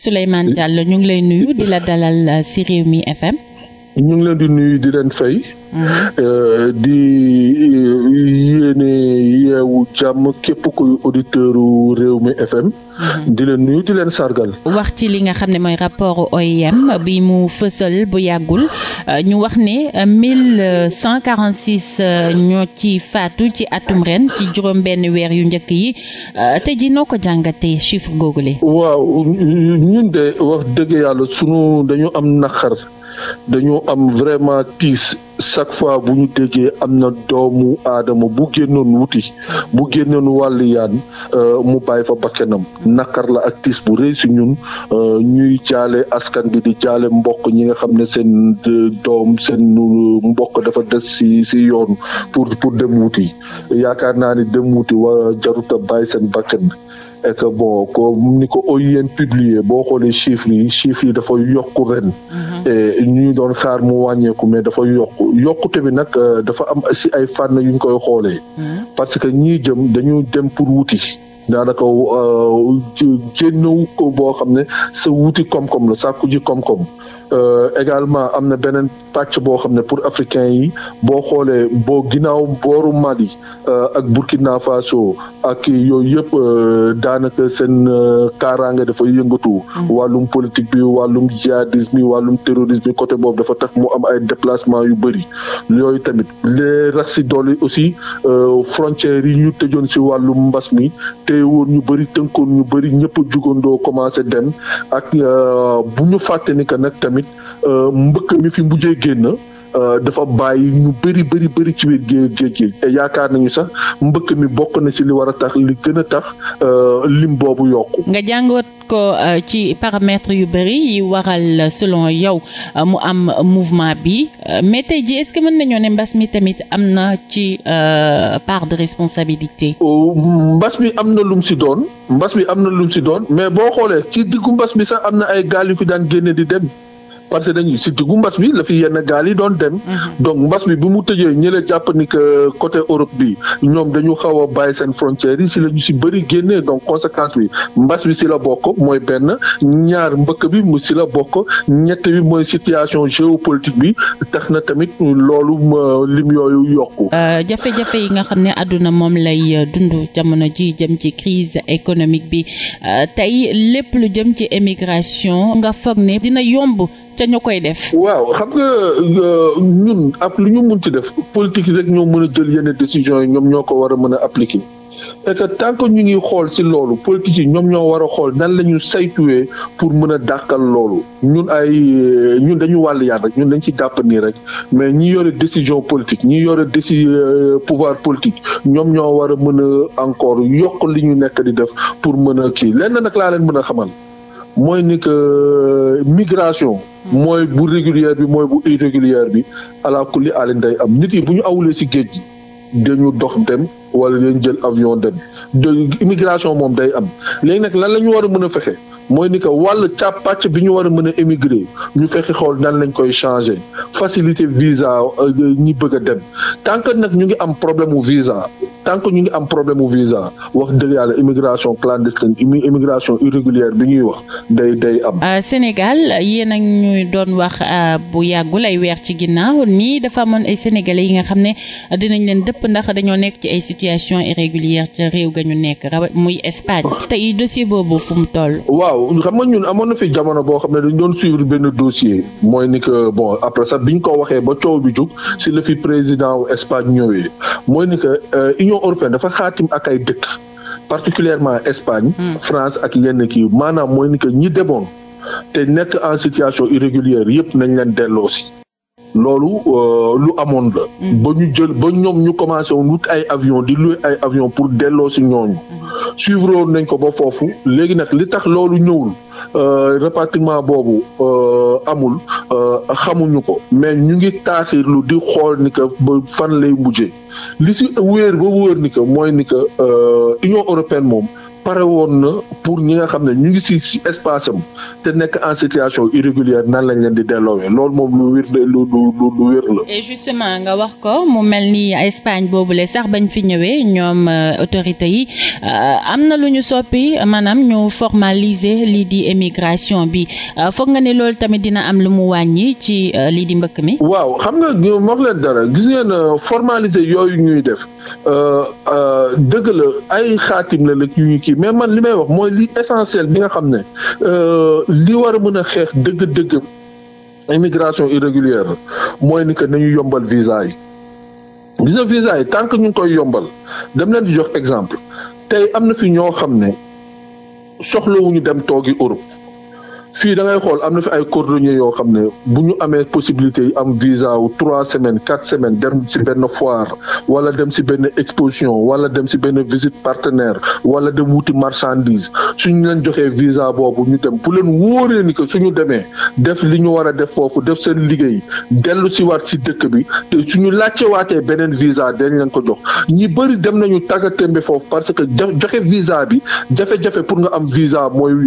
Souleymane Diallo ñu ngi lay nuyu di la dalal ci euh, Rewmi FM. ñu ngi la di nuyu di leen fay. Mm-hmm. Euh, di euh, yéene yeewu jàmm képp kuy auditeuru réew mi FM. Mm-hmm. di leen nuyu leen sargal. wax ci li nga xam ne mooy rapport OIM bi mu fësal bu yàggul euh, ñu wax ne mille cent quarante six ñoo ci faatu ci atum ren ci juróom benn weer yu njëkk yi te ji noo ko jàngatee chiffre googule. waaw ñun de wax dëgg yàlla sunu dañu am naqar. dañoo am vraiment tiis chaque fois bu ñu déggee am na doomu aadama bu génnoon wuti bu génnoon wàll yaan euh, mu bàyyi fa bakkanam nakar la ak tiis bu rëy si ñun euh, ñuy jaale askan bi di jaale mbokk ñi nga xam ne seen euh, doom seen mbokk dafa des si si yoon pour pour dem wuti yaakaar naa ni dem wuti wa jaruta bàyyi seen bakkan et que bon comme ni ko OIM publié boo xoolee chiffres yi chiffres yi dafa yokku ren. Mhm. et ñu doon xaar mu wàññeeku mais dafa yokku yokkute bi nag euh, dafa am si ay fànn yu ñu koy xoolee. Mhm. parce que ñii jëm dañu dem pour wuti. daanaka euh, génnewu ko boo xam ne sa wuti koom-koom la sàkku ji koom-koom. Euh, également am na beneen pàcc boo xam ne pour africains yi boo xoolee boo ginnaaw booru Mali euh, ak Burkina Faso ak yooyu yëpp euh, daanaka seen kaaraange dafa yëngatu. Mm. wàllum politique bi wàllum djihadisme yi wàllum terrorisme côté boobu dafa tax mu am ay déplacement yu bëri yooyu tamit les rax si dolli aussi frontières yi ñu tëjoon si wàllum mbas mi téyewoon ñu bëri tënkoon ñu bëri ñëpp jugandoo commencé dem ak bu ñu fàtte ni que tamit. Euh, mbëkk mi fi mujjee génn euh, dafa bàyyi ñu bëri bëri bëri ci biir géej te yaakaar nañu sax mbëkk mi bokk na si li war a tax li gën a tax euh, lim boobu yokku nga jàngoot ko ci paramètres yu bëri yi waral selon yow mu am mouvement bi mais tey ji est-ce que mën nañoo ne mbas mi tamit am na ci part de responsabilité. mbas mi am na lum si doon mbas mi am na lum si doon mais boo xoolee ci diggu mbas mi sax am na ay gaal yu fi daan génne di dem. parce que dañuy si diggu mbas bi lafi fi yenn gaal yi doon dem. Mhm. donc mbas bi bu mu tëjee ñële jàpp ni que côté Europe bi ñoom dañu xaw a bàyyi seen frontières yi si la si bëri génnee donc conséquence bi mbas bi si la bokk mooy benn ñaar mbëkk bi mu si la bokk ñett bi mooy situation géopolitique bi tax na tamit loolu lim yooyu yokk euh, jafe-jafe yi nga xam ne àdduna moom lay euh, dund jamono ji jëm ci crise économique bi euh, tey lépp lu jëm ci émigration nga foog ne dina yomb. ca ñu koy def. waaw xam nga euh, ñun ab lu ñu mun ci def politique rek ñoo mën a jël yenn décisions yi ñoom ñoo ko war a mën a appliquer. et que tant que ñu ngi xool ci loolu politique yi ñoom ñoo war a xool nan la ñu saytuwee pour mën a dàkkal loolu ñun ay euh, ñun dañu wàll yaan rek ñun dañ ci jàpp nii rek mais ñi yore décision politique ñi yore déci euh, pouvoir politique ñoom ñoo war a mën a encore yokk li ñu nekk di def pour mën a kii lenn nag laa leen mën a xamal mooy ni que migration. mooy bu régulière bi mooy bu irrégulière bi ala kulli alin day am nit yi bu ñu awulee ci géej gi dañu dox dem wala dañ jël avion dem de immigration moom day am léegi nag lan la ñu war a mën a fexe mooy ni que wàll càpp pàcc bi ñu war a mën a émigrer ñu fexe xool nan lañ koy changer facilité visa euh, ñi bëgg a dem tant que nag ñu ngi am problème mu visa tant ñu ngi am problème mu visa wax dëgg yàlla immigration clandestine immigration irrégulière bi ñuy wax day day am. Euh, Sénégal yéen nag ñuy doon wax euh, bu yàggul ay weer ci ginnaaw nii dafa amoon ay sénégalais yi nga xam ne dinañ leen dëpp ndax dañoo nekk ci ay situation irrégulière ca réew ga ñu nekk muy Espagne. tey waaw xam nga ñun amoon na fi jamono boo xam ne dañ doon suivre benn dossier mooy ni que bon après sax biñ ko waxee ba coow bi jug si la fi président wu Espagne ñëwee mooy ni que euh, Union européenne dafa xaatim ak ay dëkk particulièrement Espagne hmm. France ak yenn kii maanaam mooy ni que ñi demoon te nekk en situation irrégulière yëpp nañ leen delloosi loolu euh, lu amoon la. Mm. ba ñu jël ba ñoom ñu commencé woon wut ay avion di louer ay avion pour delloo si ñooñu. Mm. suivre woon nañ ko ba foofu léegi nag li tax loolu ñëwul euh, rapatriement boobu euh, amul xamuñu ko mais ñu ngi taaxir lu di xool ni que ba fan lay mujjee li si wéer ba wóor ni que mooy ni que Union européenne moom. pare woon na pour ñi nga xam ne ñu ngi si si espace am te nekk en situation irrégulière nan lañ leen di delloowee loolu moom lu wér lu lu lu lu wér la. et justement nga wax ko mu mel ni boobu boobule sax bañ fi ñëwee ñoom euh, autorités yi euh, am na lu ñu soppi maanaam ñu formaliser lii di émigration bi euh, foog nga ne loolu tamit dina am lu mu wàññi ci lii di mbëkk mi. waaw xam nga ñu wax leen dara gis ngeen formaliser yooyu ñuy def dëgg la ay xaatim la nag ñu ngi kii bi mais man li may wax mooy li essentiel bi nga xam ne euh, li war a mën a xeex dëgg-dëgg immigration irrégulière mooy ni que nañu yombal visa yi visa yi tant que ñu ngi koy yombal dem leen di jox exemple tey am na fi ñoo xam ne ñu dem toogi Europe. fii da ngay xool am na fi ay cordonniers yoo xam ne bu ñu amee possibilité yi am visa wu trois semaines quatre semaines dem si benn foire wala dem si benn exposition wala dem si benn visite partenaire wala dem wuti marchandise suñu leen joxee visa boobu ñu dem bu leen wóoree ni que suñu demee def li ñu war a def foofu def seen liggéey dellu si waat si dëkk bi suñu laajte waatee beneen visa dañ leen ko jox ñi bëri dem nañu tàggatémbe foofu parce que joxe visa bi jafe-jafe pour nga am visa mooy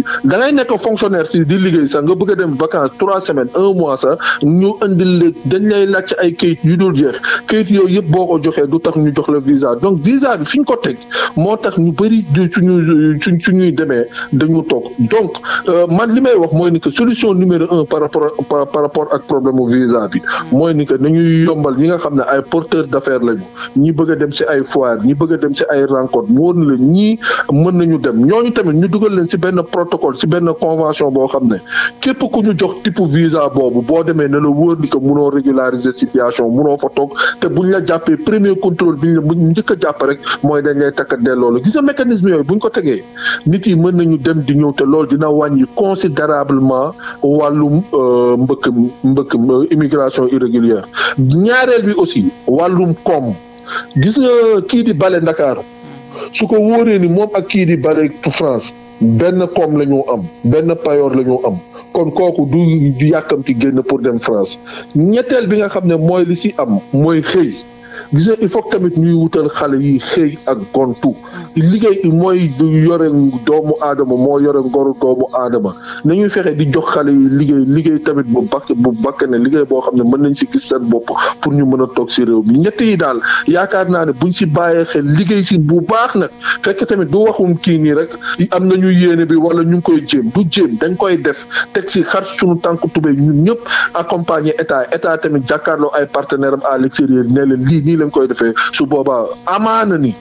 liggéey sax nga bëgg a dem vacance trois semaines un mois sax ñu indil la dañ lay laaj ay kayit yu dul jeex kayit yooyu yëpp boo ko joxee du tax ñu jox la visa donc visa bi fi ñu ko teg moo tax ñu bëri di suñu suñ suñuy demee dañu toog donc euh, man li may wax mooy ni que solution numéro un par rapport par rapport ak problème mu visa bi mooy ni que nañuy yombal ñi nga xam ne ay porteurs d'affaires lañu ñi bëgg a dem ci ay foire ñi bëgg dem ci ay rencontre mu wóor na la ñii mën nañu dem ñoo tamit ñu dugal leen ci benn protocole ci benn convention boo ne képp ku ñu jox type visa boobu boo demee ne la wóor ni que munoo régulariser situation munoo fa toog te buñ la jàppee premier contrôle bi ñu njëkk a jàpp rek mooy dañ lay takk delloo la gis nga mécanisme yooyu buñ ko tegee nit yi mën nañu dem di ñëw te loolu dina wàññi considérablement wàllum euh, mbëkk mbëkk euh, immigration irrégulière ñaareel bi aussi wàllum koom gis nga kii di bale Ndakaaru su ko wóoree ni moom ak kii di bale France benn koom la ñu am benn payoor la ñu am kon kooku du yàkkamti génn pour dem France ñetteel bi nga xam ne mooy li ci am mooy xëy gis nga il faut tamit ñuy wutal xale yi xëy ak gontu liggéey mooy yore doomu aadama moo yore ngoro doomu aadama ñuy fexe di jox xale yi liggéey liggéey tamit bu bakk bu bakk ne liggéey boo xam ne mën nañ si gis seen bopp pour ñu mën a toog si ñett yi daal yaakaar naa ne buñ si bàyyee xel liggéey si bu baax nag fekk tamit du waxum kii nii rek am na ñuy yéene bi wala ñu ngi koy jéem du jéem dañ koy def teg si xar suñu tànk tubéy ñun ñëpp accompagner état état tamit jàkkaarloo ay partenaire am à l'extérieur ne leen lañ koy defee su boobaa amaana ni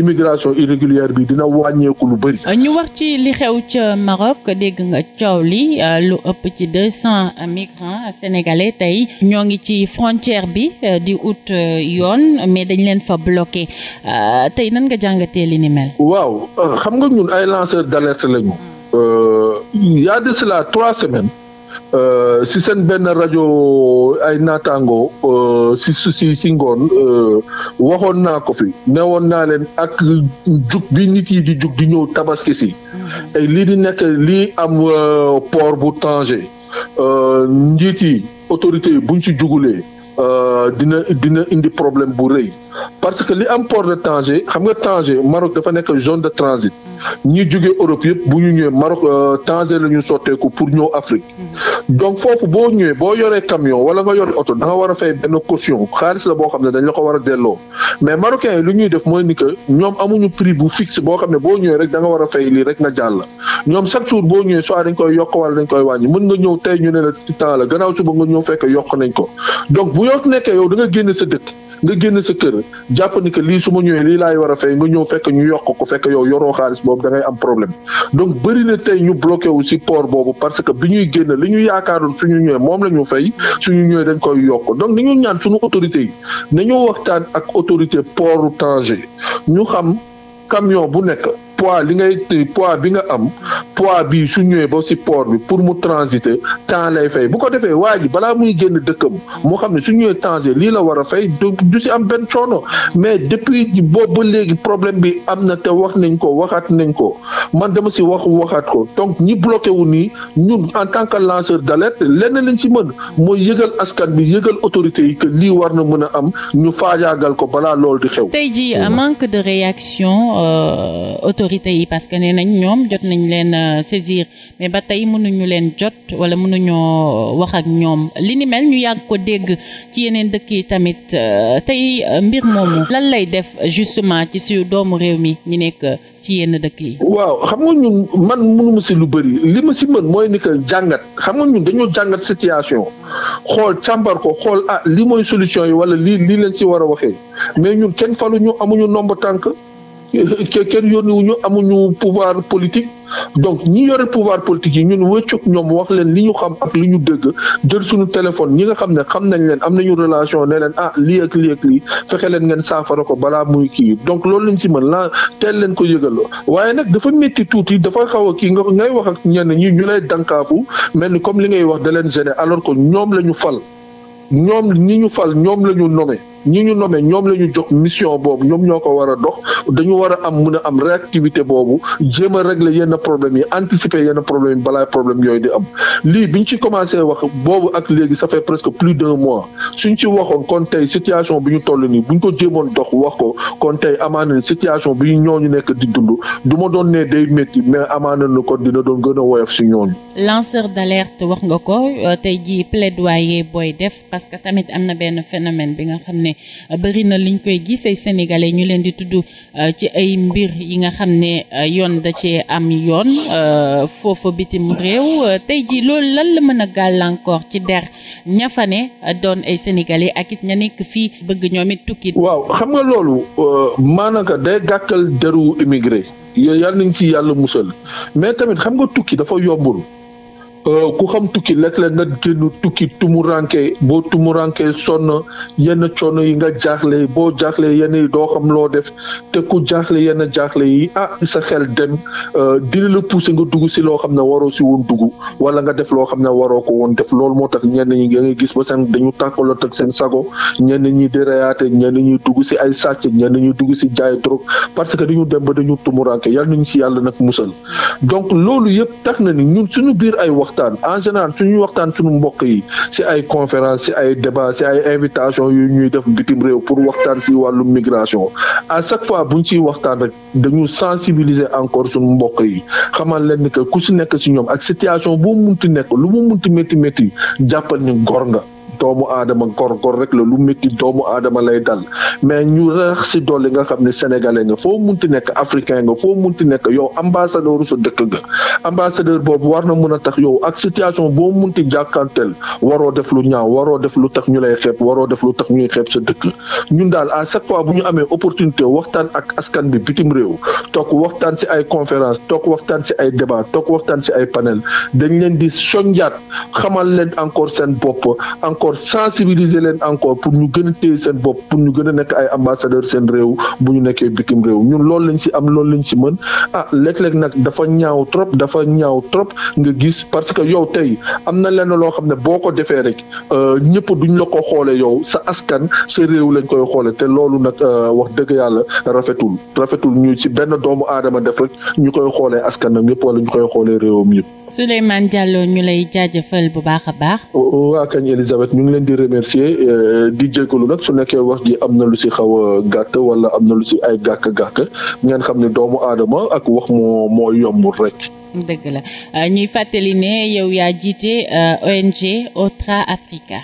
immigration irrégulière bi dina wàññeeku lu bëri. ñu wax ci li xew ca Maroc dégg nga coow li lu ëpp ci deux cent migrants sénégalais tey ñoo ngi ci frontière bi euh, di ut euh, yoon mais dañ leen fa bloqué euh, tey nan nga jàngatee li ni mel. waaw xam nga ñun ay lanceur d'alerte lañu. y a de trois semaines. si seen benn rajo ay naataango. si si si ngoon euh, waxoon naa ko fi newoon naa leen ak jug bi nit yi di jug di ñëw tabaski si mm-hmm. et lii di nekk lii am euh, port bu Tanger euh, njiit yi autorité yi buñ si jugulee dina dina indi problème bu rëy parce que li am port de Tanger xam nga Tanger Maroc dafa nekk zone de transit ñi jógee Europe yëpp bu ñu ñëwee Maroc euh, Tanger la ñu sotteeku pour ñëw Afrique mhm. donc foofu boo ñëwee boo yoree camion wala nga yore oto da nga war a fay benn caution xaalis la boo xam ne dañ la ko war a delloo mais marocain lu ñuy def mooy ni que ñoom amuñu prix bu fixe boo xam ne boo ñëwee rek danga nga war a fay lii rek nga jàll ñoom chaque jour boo ñëwee soit dañ koy yokk wala dañ koy wàññi mën nga ñëw tey ñu ne la ci temps la gannaaw suba ñëw fekk yokk nañ ko donc bu yokk yow da nga génn sa dëkk nga génn sa kër jàpp ni lii su ma ñëwee lii laay war a fay nga ñëw fekk ñu yokk ko fekk yow yoroo xaalis boobu da ngay am problème donc bëri tey ñu bloqué wu si port boobu parce que bi ñuy génn li ñu yaakaaroon ñu ñëwee moom la ñu fay suñu ñëwee dañ koy yokk donc ni ñu ñaan suñu autorité yi nañu waxtaan ak autorité portu Tanger ñu xam camion bu nekk poids li ngay pois bi nga am pois bi su ñëwee ba si port bi pour mu transiter temps lay fay bu ko defee waa ji balaa muy génn dëkkam moo xam ne su ñëwee transiter lii la war a fay du du si am benn coono mais depuis boobu ba léegi problème bi am na te wax nañ ko waxaat nañ ko man dama si wax waxaat ko donc ñi bloqué wu nii ñun en tant que lanceur d'alerte lenn lañ si mën mooy yëgal askan bi yëgal autorité yi que lii war na mën a am ñu faajaagal ko balaa loolu di xew. tey ji manque de réaction euh, autorité yi parce que nee ñoom jot nañ leen euh, saisir mais ba tey mënuñu leen jot wala mënuñoo euh, wax ak ñoom li ni mel ñu yàgg ko dégg ci yeneen dëkk yi tamit euh, tey mbir moomu lan lay def justement ci su doomu réew mi ñu nekk ci yenn dëkk yi. waaw xam nga ñun man mënuma si lu bëri li ma si mën mooy ni jàngat xam nga ñun dañoo jàngat situation xool càmbar ko xool ah li mooy solution yi wala lii lii leen si war a waxee mais ñun kenn faluñu amuñu nombre kenn ñu amuñu pouvoir politique donc ñi yore pouvoir politique yi ñun wëccu ñoom wax leen li ñu xam ak li ñu dëgg jël suñu téléphone ñi nga xam ne xam nañ leen am nañu relation ne ah lii ak lii ak lii fexe leen ngeen saafara ko balaa muy kii donc loolu lañ si mën la teel leen ko yëgaloo waaye nag dafa métti tuuti dafa xaw a kii nga ngay wax ak ñenn ñi ñu lay dankaafu mel ni comme li ngay wax da leen gêné alors que ñoom la ñu fal ñoom ñi ñu fal ñoom la ñu nommé ñi ñu nommé ñoom la ñu jox mission boobu ñoom ñoo ko war a dox dañu war a am mun a am réactivité boobu jéem a régler yenn problème yi anticiper yenn problème yi balaa problème yooyu di am lii biñ ci commencé wax boobu ak léegi ça fait presque plus d'un mois suñ ci waxoon kon tey situation bi ñu toll nii bu buñ ko jéemoon dox wax ko kon tey amaana situation bi ñu nekk di dund du ma doon ne day métti mais amaana na kon dina doon gën a woyof si ñooñu. wax nga ko euh, tey jii plaidoyer booy que tamit am na benn bi nga xam ne Euh, bëri na liñ koy gis ay sénégalais ñu leen di tudd euh, ci ay mbir yi nga xam ne euh, yoon da cee am yoon foofa bitim réew tey ji loolu lan la mën a gàllankoor ci der ña fa ne doon ay sénégalais ak it ña nekk fii bëgg ñoom it tukki. waaw xam nga loolu maanaka day gàkkal deru immigré yàlla nañ ci yàlla musal mais tamit xam nga tukki dafa yombul. Euh, ku xam tukki léeg-léeg nga génn tukki tumuranke boo tumuranke sonn yenn coono yi nga jaaxle boo jaaxle yenn yi doo xam loo def te ku jaaxle yenn jaaxle yi ah sa xel dem euh, dina la pousser nga dugg si loo xam ne waroo si woon dugg wala nga def loo xam ne waroo ko woon def loolu moo tax ñenn ñi nga gis ba seen dañu tàkkaloo ak seen sago ñenn ñi di reyaate ñenn ñi dugg si ay sàcc ñenn ñi dugg si jaay drogue parce que dañu dem ba dañu tumuranke yàlla nañu si yàlla nag musal donc loolu yëpp tax na ni ñun suñu biir ay wax waxtaan en général suñuy waxtaan suñu mbokk yi si ay conférence si ay débat si ay invitation yu ñuy def bitim réew pour waxtaan si wàllu migration à chaque fois bu ñu siy waxtaan rek dañu sensibiliser encore suñu mbokk yi xamal leen ni que ku si nekk si ñoom ak situation boo munti nekk lu mu munti métti métti jàppal ni gor nga doomu aadama ngor-ngor rek la lu métti doomu aadama lay dal mais ñu rax si dolli nga xam ne sénégale nga foo munti nekk africain nga mun munti nekk yow ambassadeur sa dëkk nga ambassadeur boobu war na mën a tax yow ak situation boo mun ti jàkkanteel waroo def lu ñaaw waroo def lu tax ñu lay xeeb waroo def lu tax ñuy xeeb sa dëkk ñun daal à chaque fois bu ñu amee opportunité waxtaan ak askan bi bitim réew toog waxtaan si ay conférence toog waxtaan si ay débat toog waxtaan si ay panel dañ leen di soñjaat xamal leen encore seen bopp encore sensibiliser leen encore pour ñu gën a seen bopp pour ñu gën a nekk ay ambassadeur seen réew bu ñu nekkee bitim réew ñun loolu lañ si am loolu lañ si mën ah léeg-léeg nag dafa ñaaw trop dafa ñaaw trop nga gis parce que yow tey am na lenn loo xam ne boo ko defee rek euh, ñëpp duñ la ko xoole yow sa askan sa réew lañ koy xoole te loolu nag euh, wax dëgg yàlla rafetul rafetul ñu si benn doomu aadama def rek ñu koy xoolee askanam yëpp wala ñu koy xoolee réewam yëpp. Souleymane ñu ngi leen di remercier euh, di jégalu nag su nekkee wax ji am na lu si xaw a gàtt wala am na lu si ay gàkk-gàkk ngeen xam ne doomu aadama ak wax moo moo yombul rek. dëgg la euh, ñuy fàttali ne yow yaa jiite euh, ONG Otra Africa.